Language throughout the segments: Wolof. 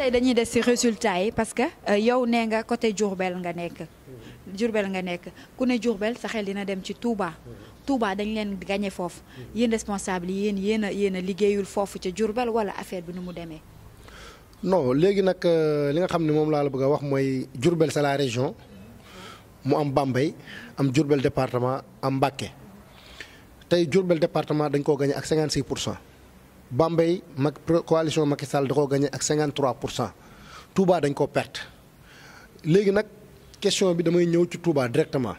tey dañuy des ci résultat yi parce que euh, yow nee nga côté Diourbel nga nekk. Diourbel nga nekk ku ne Diourbel sa xel dina dem ci Touba. Touba dañ leen gagné foofu. yéen responsable yi yéen yéen a a liggéeyul foofu ca Diourbel wala affaire bi nu mu demee. non léegi nag euh, li nga xam ne moom laa la bëgg a wax mooy Diourbel sa la région mu am Bambey am Diourbel département am Mbacké tey Diourbel département dañ koo gagné ak 56 pour cent. Bambey mag coalition Macky Sall da ko gagné ak 53 pour cent Touba dañ ko perte léegi nag question bi damay ñëw ci Touba directement.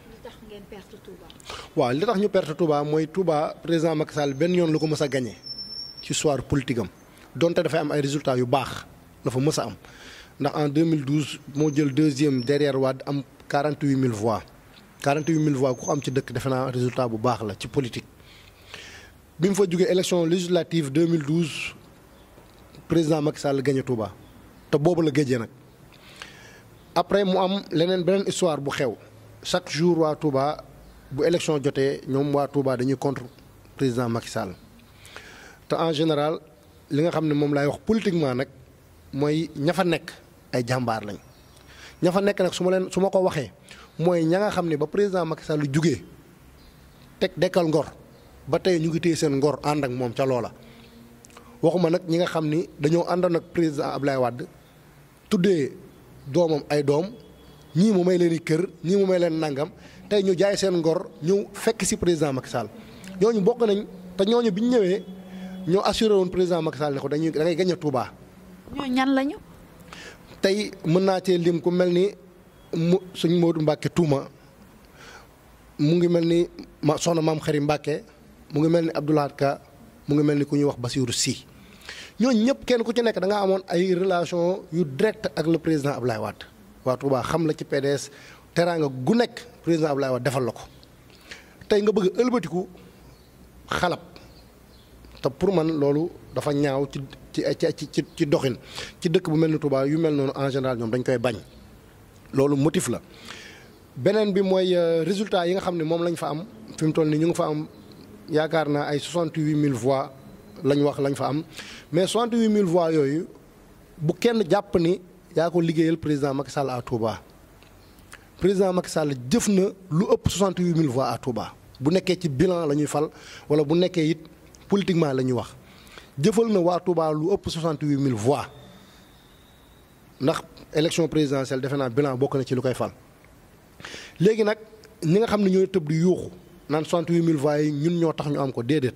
waaw li tax ñu perte Touba mooy Touba président Macky benn yoon lu ko mës a gagné ci soir politique am donte dafay am ay résultat yu baax la fa mës a am ndax en 2012 moo jël deuxième derrière Wade am 48 000 voix 48 000 voix ku am ci dëkk defe naa résultat bu baax la ci politique. bi fa jugee élection législative 2012 président Macky Sall gagné Touba te bobu la géejee nak après mu am leneen beneen histoire bu xew chaque jour wa Touba bu élection joté ñom wa Touba dañuy contre président Macky Sall te en général li nga xamné mom lay wax politiquement nak moy ñafa nek ay jambar lañ ñafa nek nak suma len suma ko waxé moy ña nga xamné ba président Macky Sall jugee teg dekkal ngor. ba tay ñu ngi téye seen ngor ànd ak moom ca loola waxuma nag ñi nga xam ni dañoo àndoon ak président Ablaye Wade tuddee doomam ay doom ñii mu may leen i kër ñii mu may leen nangam tey ñu jaay seen ngor ñu fekk si président Macky Sall ñooñu bokk nañ te ñooñu bi ñu ñëwee ñoo assuré woon président Macky Sall ne ko dañuy da ngay gañ a Touba. ñoo ñan lañu. tey mën naa cee lim ku mel ni mu suñ Modou Mbacke Touma mu ngi mel ni ma soxna maam Xari Mbacke mu ngi mel ni Abdoulaye Ka mu ngi mel ni ku ñuy wax Bassirou si ñooñ ñëpp kenn ku ci nekk da amoon ay relation yu direct ak le président Ablaye waat waa Touba xam la ci PDS teraanga gu nekk président Ablaye Wade defal la ko tey nga bëgg ëlbatiku xalab te pour man loolu dafa ñaaw ci ci ci ci doxin ci dëkk bu mel ni Touba yu mel noonu en général ñoom dañ koy bañ loolu motif la beneen bi mooy euh, résultat yi nga xam ne moom lañ fa am fi mu toll nii ñu ngi fa am yaakaar naa ay 000 voix lañ wax lañ fa am mais 68000 voix yooyu bu kenn jàpp ni yaa ko liggéeyal président Macky Sall à Touba président Macky Sall jëf na lu ëpp voix à Touba bu nekkee ci bilan la ñuy fal wala bu nekkee it politiquement la ñuy wax jëfal na waa Touba lu ëpp voix ndax élection présidentielle defe naa bilan bokk na ci lu koy fal léegi nag ñi nga xam ne ñooy tëb naan 68000 voix yi ñun ñoo tax ñu am ko déedéet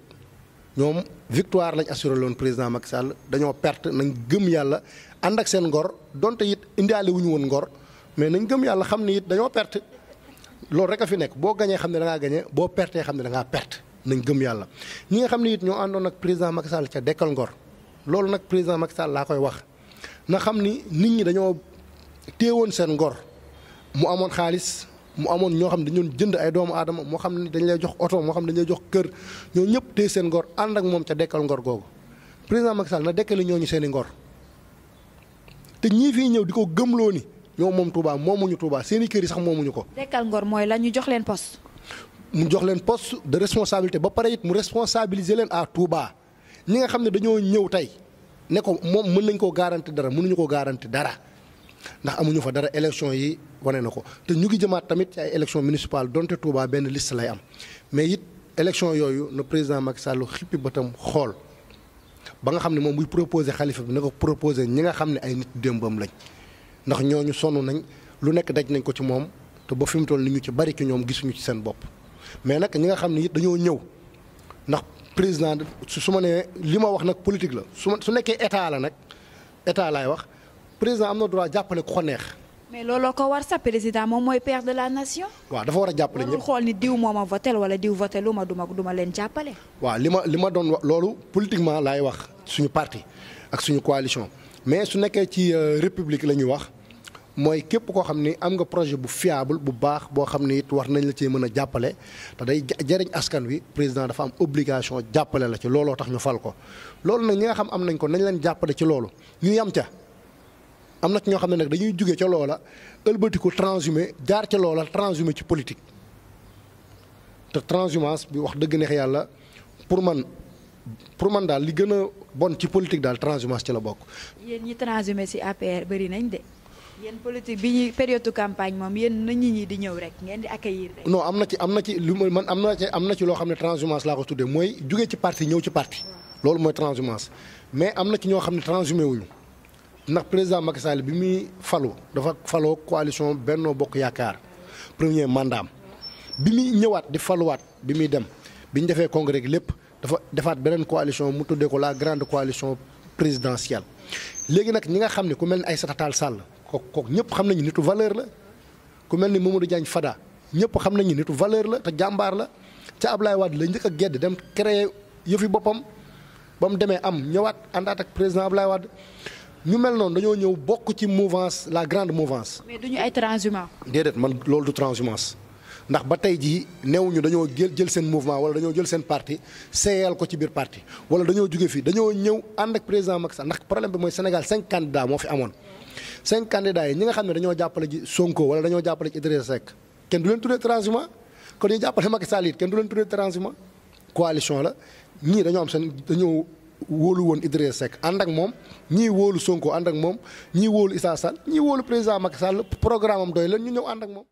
ñoom victoire lañ assuré loon président Macky Sall dañoo perte nañ gëm yàlla ànd ak seen ngor donte it indiaale wu ñu woon ngor mais nañ gëm yàlla xam ni it dañoo perte. loolu rek a fi nekk boo gañee xam ne da ngaa gañee boo pertee xam ne da ngaa perte nañ gëm yàlla ñi nga xam ne it ñoo àndoon ak président Macky Sall ca dekkal ngor loolu nag président Macky Sall laa koy wax na xam ni nit ñi dañoo téewoon seen ngor mu amoon xaalis. mu amoon ñoo xam ne dañu jënd ay doomu aadama moo xam ne dañ lay jox oto moo xam ne dañ lay jox kër ñoo ñëpp téye seen ngor ànd moom ca dekkal ngor googu président Macky Sall na dekkali ñoo ñu seeni ngor te ñii fii ñëw di ko gëmloo ni ñoo moom Touba moomuñu Touba seen i kër yi sax moomuñu ko. dekkal ngor mooy la ñu jox leen poste. mu jox leen post de responsabilité ba pare it mu responsabiliser leen à Touba ñi nga xam ne dañoo ñëw tey ne ko moom mën nañ koo garanti dara mënuñu koo garanti dara. ndax amuñu fa dara élection yi wane na ko te ñu ngi jëmaat tamit ci ay élection municipale donte Touba benn list lay am mais it élection yooyu na président Macky Sall xippi bëtam xool ba nga xam ne moom muy proposé xalifa bi na ko proposé ñi nga xam ne ay nit démbam lañ ndax ñooñu sonn nañ lu nekk daj nañ ko ci moom te ba fi mu toll ni ñu ci bari ci ñoom gisuñu ci seen bopp mais nag ñi nga xam ne it dañoo ñëw ndax président su ma nee li ma wax nag politique la su ma su nekkee état la nag état laay wax président amna droit jappalé ko neex. mais lolo ko war sa président mom moy père de la nation. wa dafa wara jappalé jàppale xol ni diw moma voter wala diw voter luma duma duma len jappalé wa lima lima don ma politiquement lay wax suñu parti ak suñu coalition mais su nekké ci euh, république la wax moy képp ko xamni am nga projet bu fiable bu baax bo xamni it war nañ la ci mëna jappalé jàppale day jëriñ askan wi président dafa am obligation jappalé la ci lolo tax ñu fal ko loolu nak ñi nga xam am nañ ko nañ leen jappalé ci lolo ñu yam ca. am na ci ñoo xam ne nag dañuy jóge ca loola ëlbatiku transhumé jaar ca loola transhumé ci politique te transhumance bi wax dëgg neex yàlla pour man pour man daal li gën a bon ci politique daal transhumance ci la bokk. yéen ñi transhumé si APR bëri nañ de. yéen politique bi ñuy période campagne moom yéen na ñi ñi di ñëw rek ngeen di accueillir rek. am na ci am na ci lu man am na ci am na ci loo xam ne transhumance laa ko tuddee mooy jóge ci parti ñëw ci parti. loolu mooy transhumance mais am na ci ñoo xam ne transhumé wuñu ndax président Macky Sall bi muy falu dafa faloo coalition Benno Bokk Yaakaar premier mandaam bi muy ñëwaat di faluwaat bi muy dem bi ñu defee congrès gi lépp dafa defaat beneen coalition mu tuddee ko la grande coalition présidentielle. léegi nag ñi nga xam ne ku mel ni Aïssata Tall Sall kooku kooku ñëpp xam nañu nitu valeur la ku mel ni Mamadou Diagne Fada ñëpp xam nañu nitu valeur la te jàmbaar la ca Ablaye Wade la njëkk a gedd dem créer yëfi boppam ba mu demee am ñëwaat àndaat ak président Ablaye Wade. ñu mel noonu dañoo ñëw bokk ci mouvance la grande mouvance. mais duñu ay transhumance. déedéet man loolu du transhumance ndax ba tey jii newuñu dañoo jël jël seen mouvement wala dañoo jël seen parti seeyal ko ci biir parti wala dañoo jóge fii dañoo ñëw ànd ak président Macky Sall ndax problème bi mooy Sénégal cinq candidats moo fi amoon. cinq candidats yi ñi nga xam ne dañoo jàppale ji Sonko wala dañoo jàppale ci Idrissa Seck kenn du leen tuddee transhumance kon ñu jàppale Macky Sall it kenn du leen tuddee transhumance coalition la ñii dañoo am seen dañoo. wóolu woon Idriss Seck ànd ak moom ñii wóolu Sonko ànd moom ñii wóolu Issa Sall ñii wóolu président Macky Sall programme am doy leen ñu ñëw ànd ak moom.